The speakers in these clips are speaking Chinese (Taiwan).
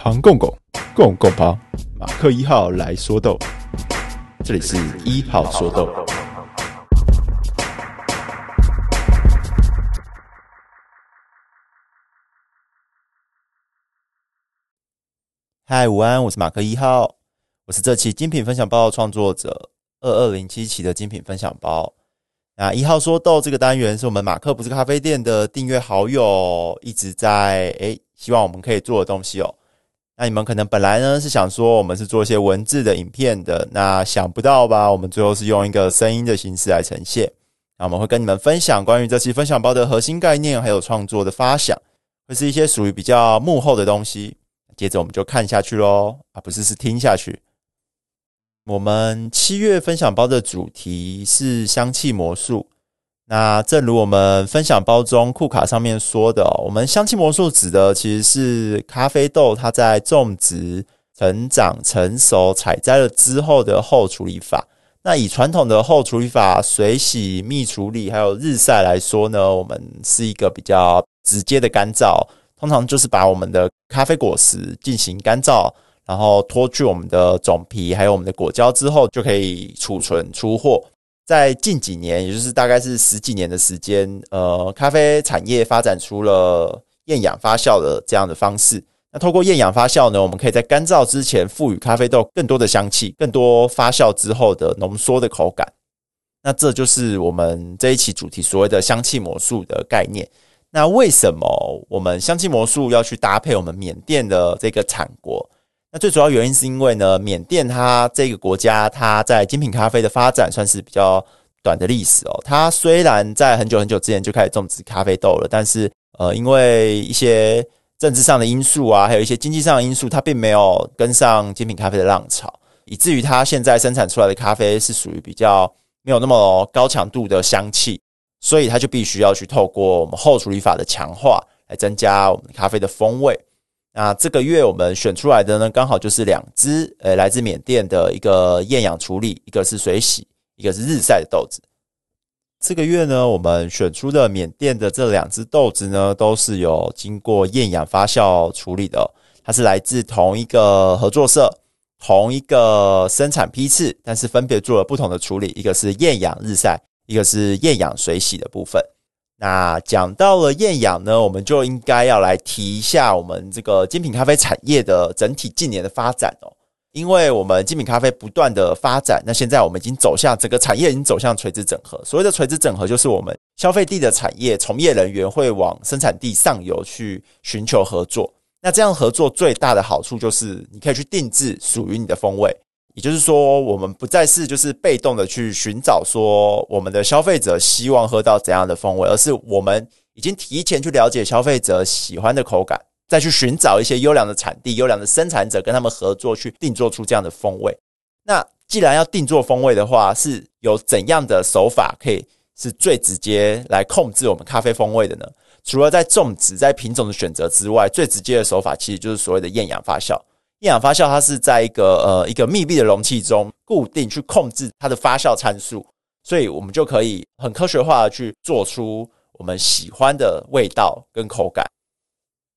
龐公公，公公包，馬克一號來說豆，這裡是一號說豆。嗨，午安，我是馬克一號，我是這期精品分享包的創作者，二二零七期的精品分享包。那一號說豆這個單元是我們馬克不是咖啡店的訂閱好友一直在哎、欸，希望我們可以做的東西哦。那你們可能本來呢，是想說我們是做一些文字的影片的，那想不到吧？我們最後是用一個聲音的形式來呈現。那我們會跟你們分享關於這期分享包的核心概念，還有創作的發想，會是一些屬於比較幕後的東西。接着我們就看下去嘍，啊，不是，是聽下去。我們七月分享包的主題是香氣魔術。那正如我們分享包中酷卡上面說的，我們香氣魔術指的其實是咖啡豆它在種植、成長、成熟、採摘了之後的後處理法。那以傳統的後處理法，水洗、蜜處理還有日曬來說呢，我們是一個比較直接的乾燥，通常就是把我們的咖啡果實進行乾燥，然後脫去我們的種皮還有我們的果膠之後，就可以儲存出貨。在近幾年，也就是大概是十幾年的時間，呃，咖啡產業發展出了厭氧發酵的這樣的方式。那透過厭氧發酵呢，我們可以在乾燥之前賦予咖啡豆更多的香氣，更多發酵之後的濃縮的口感。那這就是我們這一期主題所謂的“香氣魔術”的概念。那為什麼我們“香氣魔術”要去搭配我們緬甸的這個產國？那最主要原因是因為呢，緬甸它這個國家，它在精品咖啡的發展算是比較短的歷史哦。它雖然在很久很久之前就開始種植咖啡豆了，但是呃，因為一些政治上的因素啊，還有一些經濟上的因素，它並沒有跟上精品咖啡的浪潮，以至於它現在生產出來的咖啡是屬於比較沒有那麼高強度的香氣，所以它就必須要去透過我們後處理法的強化來增加我們咖啡的風味。那這個月我們選出來的呢，剛好就是兩支，呃、欸，來自緬甸的一個厭氧處理，一個是水洗，一個是日曬的豆子。這個月呢，我們選出的緬甸的這兩支豆子呢，都是有經過厭氧發酵處理的，它是來自同一個合作社、同一個生產批次，但是分別做了不同的處理，一個是厭氧日曬，一個是厭氧水洗的部分。那講到了厭氧呢，我們就應該要來提一下我們這個精品咖啡產業的整體近年的發展哦，因為我們精品咖啡不斷的發展，那現在我們已經走向整個產業已經走向垂直整合。所謂的垂直整合，就是我們消費地的產業從業人員會往生產地上游去尋求合作。那這樣合作最大的好處就是，你可以去定制屬於你的風味。也就是說，我們不再是就是被動的去尋找說我們的消費者希望喝到怎樣的風味，而是我們已經提前去了解消費者喜歡的口感，再去尋找一些優良的產地、優良的生產者，跟他們合作去定做出這樣的風味。那既然要定做風味的話，是有怎樣的手法可以是最直接來控制我們咖啡風味的呢？除了在種植、在品種的選擇之外，最直接的手法其實就是所謂的厭氧發酵。厭氧發酵，它是在一個呃一個密閉的容器中，固定去控制它的發酵參數，所以我們就可以很科學化的去做出我們喜歡的味道跟口感。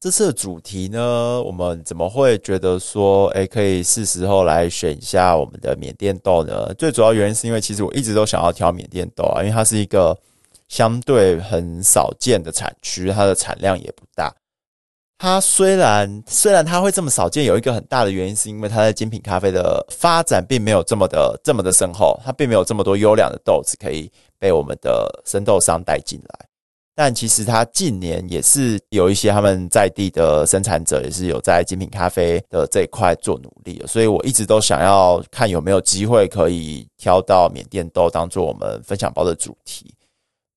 這次的主題呢，我們怎麼會覺得說，哎、欸，可以是時候來選一下我們的緬甸豆呢？最主要原因是因為其實我一直都想要挑緬甸豆啊，因為它是一個相對很少見的產區，它的產量也不大。它雖然雖然它會這麼少見，有一個很大的原因是因為它在精品咖啡的發展並沒有這麼的這麼的深厚，它並沒有這麼多優良的豆子可以被我們的生豆商帶進來。但其實它近年也是有一些他們在地的生產者也是有在精品咖啡的這一塊做努力的，所以我一直都想要看有沒有機會可以挑到緬甸豆當做我們分享包的主題。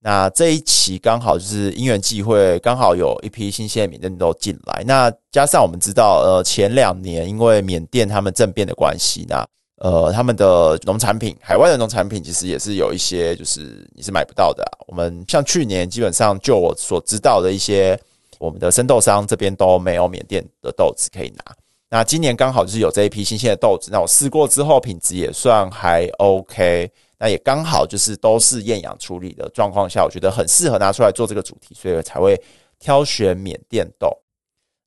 那這一期剛好就是因緣際會，剛好有一批新鮮的緬甸豆進來。那加上我們知道，呃，前兩年因為緬甸他們政變的關係，那呃，他們的農產品，海外的農產品其實也是有一些就是你是買不到的啊。我們像去年基本上就我所知道的一些我們的生豆商這邊都沒有緬甸的豆子可以拿。那今年剛好就是有這一批新鮮的豆子，那我試過之後品質也算還 OK。那也剛好就是都是厭氧處理的狀況下，我覺得很適合拿出來做這個主題，所以我才會挑選緬甸豆。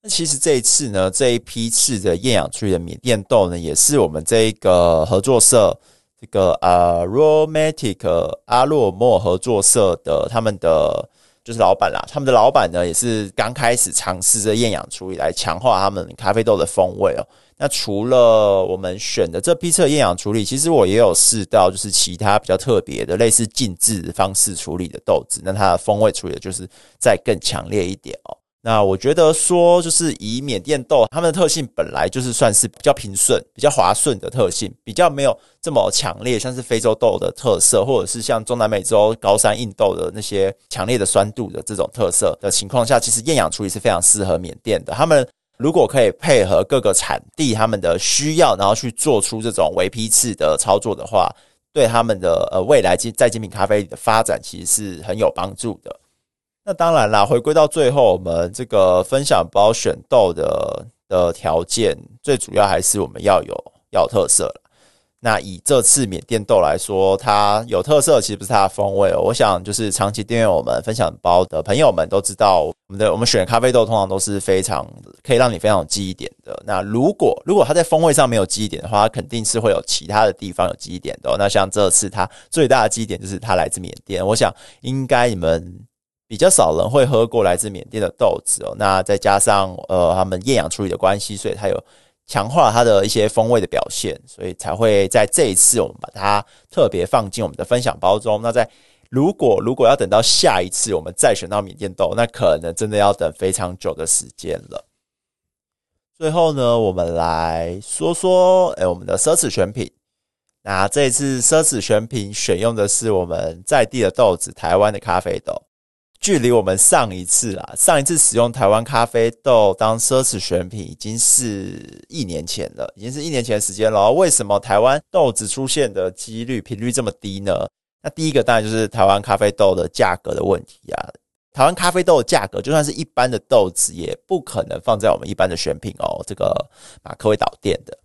那其實這一次呢，這一批次的厭氧處理的緬甸豆呢，也是我們這一個合作社，這個啊 Aromatic 阿洛莫合作社的他們的。就是老闆啦，他們的老闆呢也是剛開始嘗試著厭氧處理來強化他們咖啡豆的風味哦、喔。那除了我們選的這批次的厭氧處理，其實我也有試到，就是其他比較特別的類似浸漬方式處理的豆子，那它的風味處理的就是再更強烈一點哦、喔。那我覺得說，就是以緬甸豆，它們的特性本來就是算是比較平順、比較滑順的特性，比較沒有這麼強烈，像是非洲豆的特色，或者是像中南美洲高山硬豆的那些強烈的酸度的這種特色的情況下，其實厭氧處理是非常適合緬甸的。他們如果可以配合各個產地他們的需要，然後去做出這種微批次的操作的話，對他們的呃未來在精品咖啡裡的發展，其實是很有幫助的。那當然啦，回歸到最後，我們這個分享包選豆的的條件，最主要還是我們要有要有特色啦。那以這次緬甸豆來說，它有特色，其實不是它的風味。喔，哦，我想，就是長期訂閱我們分享包的朋友們都知道，我們的我們選咖啡豆通常都是非常可以讓你非常有記憶點的。那如果如果它在風味上沒有記憶點的話，它肯定是會有其他的地方有記憶點的，喔。那像這次它最大的記憶點就是它來自緬甸。我想，應該你們比較少人會喝過來自緬甸的豆子哦，那再加上呃他們厭氧處理的關係，所以它有強化它的一些風味的表現，所以才會在這一次我們把它特別放進我們的分享包中。那在如果如果要等到下一次我們再選到緬甸豆，那可能真的要等非常久的時間了。最後呢，我們來說說哎、欸、我們的奢侈選品，那這一次奢侈選品選用的是我們在地的豆子，台灣的咖啡豆。距離我們上一次啊，上一次使用台灣咖啡豆當奢侈選品已經是一年前了，已經是一年前的時間了。為什麼台灣豆子出現的幾率頻率這麼低呢？那第一個當然就是台灣咖啡豆的價格的問題啊。台灣咖啡豆的價格就算是一般的豆子，也不可能放在我們一般的選品哦。這個馬克威導電的，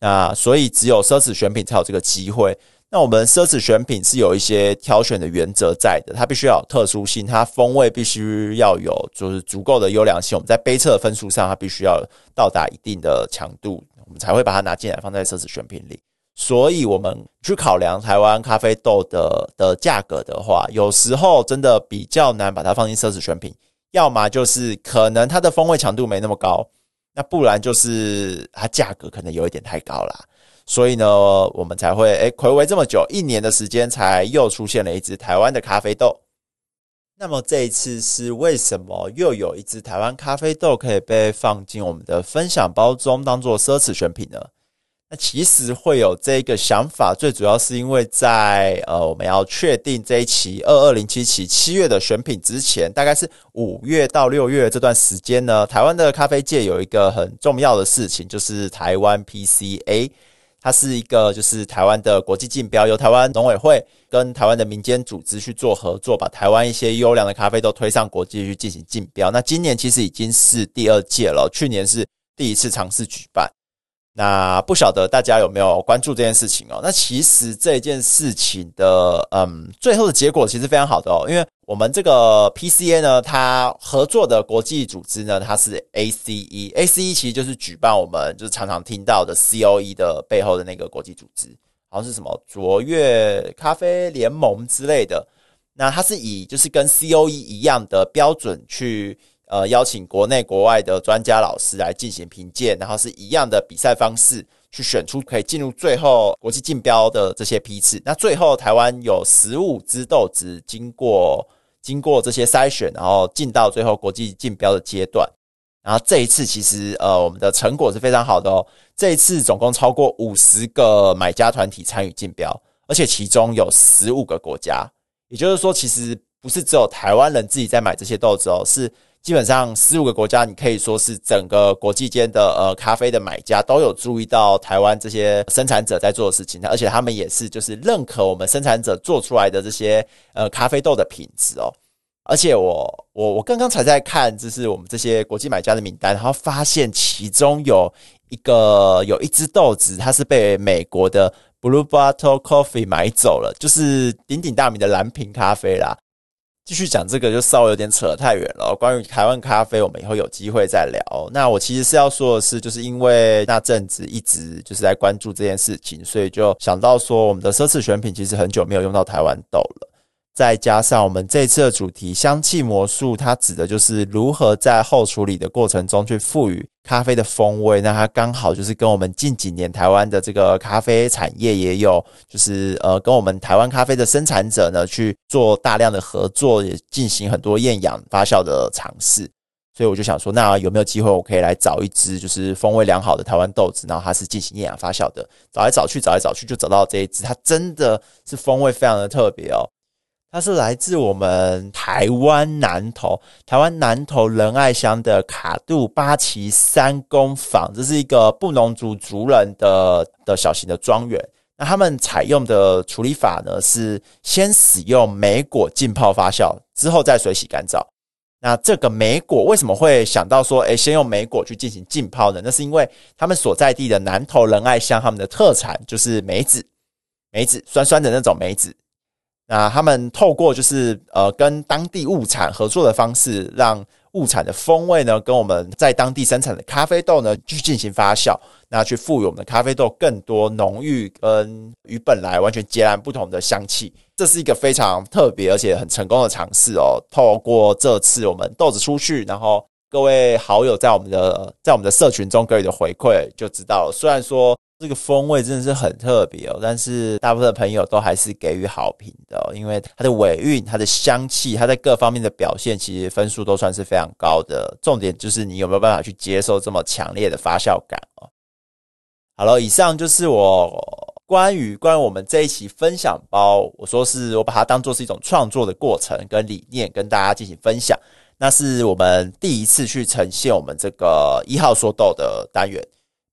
那所以只有奢侈選品才有這個機會。那我們奢侈選品是有一些挑選的原則在的，它必須要有特殊性，它風味必須要有就是足夠的優良性，我們在杯測的分數上，它必須要到達一定的強度，我們才會把它拿進來放在奢侈選品裡。所以我們去考量台灣咖啡豆的的價格的話，有時候真的比較難把它放進奢侈選品，要麼就是可能它的風味強度沒那麼高，那不然就是它價格可能有一點太高啦。所以呢，我們才會誒，暌違這麼久，一年的時間，才又出現了一支台灣的咖啡豆。那麼這一次是為什麼又有一支台灣咖啡豆可以被放進我們的分享包中，當做奢侈選品呢？那其實會有這個想法，最主要是因為在呃，我們要確定這一期二二零七期七月的選品之前，大概是五月到六月這段時間呢，台灣的咖啡界有一個很重要的事情，就是台灣 PCA。它是一個就是台灣的國際競標，由台灣農委會跟台灣的民間組織去做合作，把台灣一些優良的咖啡都推上國際去進行競標。那今年其實已經是第二屆了，去年是第一次嘗試舉辦。那不曉得大家有沒有關注這件事情哦？那其實這件事情的，嗯，最後的結果其實非常好的哦，因為我們這個 PCA 呢，它合作的國際組織呢，它是 ACE，ACE ACE 其實就是舉辦我們就是常常聽到的 COE 的背後的那個國際組織，好像是什麼卓越咖啡聯盟之類的。那它是以就是跟 COE 一樣的標準去。呃，邀請國內國外的專家老師來進行評鑑，然後是一樣的比賽方式去選出可以進入最後國際競標的這些批次。那最後，台灣有十五支豆子經過經過這些篩選，然後進到最後國際競標的階段。然後這一次，其實呃，我們的成果是非常好的哦。這一次總共超過五十個買家團體參與競標，而且其中有十五個國家，也就是說，其實不是只有台灣人自己在買這些豆子哦，是。基本上，十五個國家，你可以說是整個國際間的呃，咖啡的買家都有注意到台灣這些生產者在做的事情，而且他們也是就是認可我們生產者做出來的這些呃咖啡豆的品質哦。而且我我我剛剛才在看，就是我們這些國際買家的名單，然後發現其中有一個有一支豆子，它是被美國的 Blue Bottle Coffee 買走了，就是鼎鼎大名的藍瓶咖啡啦。繼續講這個就稍微有點扯得太遠了。關於台灣咖啡，我們以後有機會再聊。那我其實是要說的是，就是因為那陣子一直就是在關注這件事情，所以就想到說，我們的奢侈選品其實很久沒有用到台灣豆了。再加上我們這一次的主題“香氣魔術”，它指的就是如何在後處理的過程中去賦予咖啡的風味。那它剛好就是跟我們近幾年台灣的這個咖啡產業也有，就是呃，跟我們台灣咖啡的生產者呢去做大量的合作，也進行很多厭氧發酵的嘗試。所以我就想說，那有沒有機會我可以來找一支就是風味良好的台灣豆子，然後它是進行厭氧發酵的？找來找去，找來找去，就找到這一支，它真的是風味非常的特別哦。它是來自我們台灣南投，台灣南投仁愛鄉的卡杜巴奇三公坊，這是一個布農族族人的的小型的莊園。那他們採用的處理法呢，是先使用梅果浸泡發酵，之後再水洗乾燥。那這個梅果為什麼會想到說，哎，先用梅果去進行浸泡呢？那是因為他們所在地的南投仁愛鄉，他們的特產就是梅子，梅子，酸酸的那種梅子。那他們透過就是呃跟當地物產合作的方式，讓物產的風味呢，跟我們在當地生產的咖啡豆呢去進行發酵，那去賦予我們的咖啡豆更多濃郁跟與本來完全截然不同的香氣。這是一個非常特別而且很成功的嘗試哦。透過這次我們豆子出去，然後各位好友在我們的在我們的社群中給予的回饋，就知道了，雖然說。這個風味真的是很特別哦，但是大部分的朋友都還是給予好評的哦，因為它的尾韻、它的香氣、它在各方面的表現，其實分數都算是非常高的。重點就是你有沒有辦法去接受這麼強烈的發酵感哦。好了，以上就是我關於關於我們這一期分享包，我說是我把它當做是一種創作的過程跟理念，跟大家進行分享。那是我們第一次去呈現我們這個一號說豆的單元。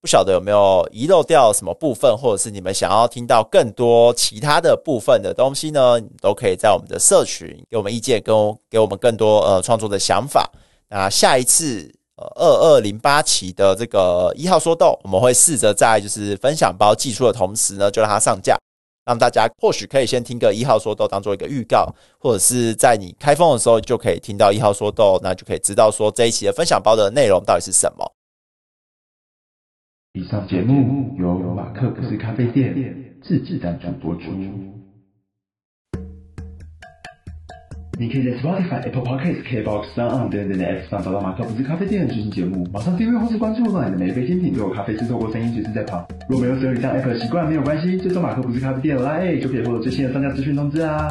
不曉得有沒有遺漏掉什麼部分，或者是你們想要聽到更多其他的部分的東西呢？你都可以在我們的社群給我們意見，跟給我們更多呃創作的想法。那下一次呃二二零八期的這個一號說豆，我們會試着在就是分享包寄出的同時呢，就讓它上架，讓大家或許可以先聽個一號說豆當做一個預告，或者是在你開封的時候就可以聽到一號說豆，那就可以知道說這一期的分享包的內容到底是什麼。以上節目由馬克不是咖啡店自制單曲播出。嗯、你可以在 Spotify、嗯、Apple Podcasts、KBox、嗯、SoundOn 等等的 App 上找到馬克不是咖啡店的最新節目。馬上訂閱或是關注，讓你的每一杯精品都有咖啡師透過聲音準時、就是、在旁。若果沒有使用以上 App 習慣，沒有關係，追蹤馬克不是咖啡店，來就可以獲得最新的商家資訊通知啊。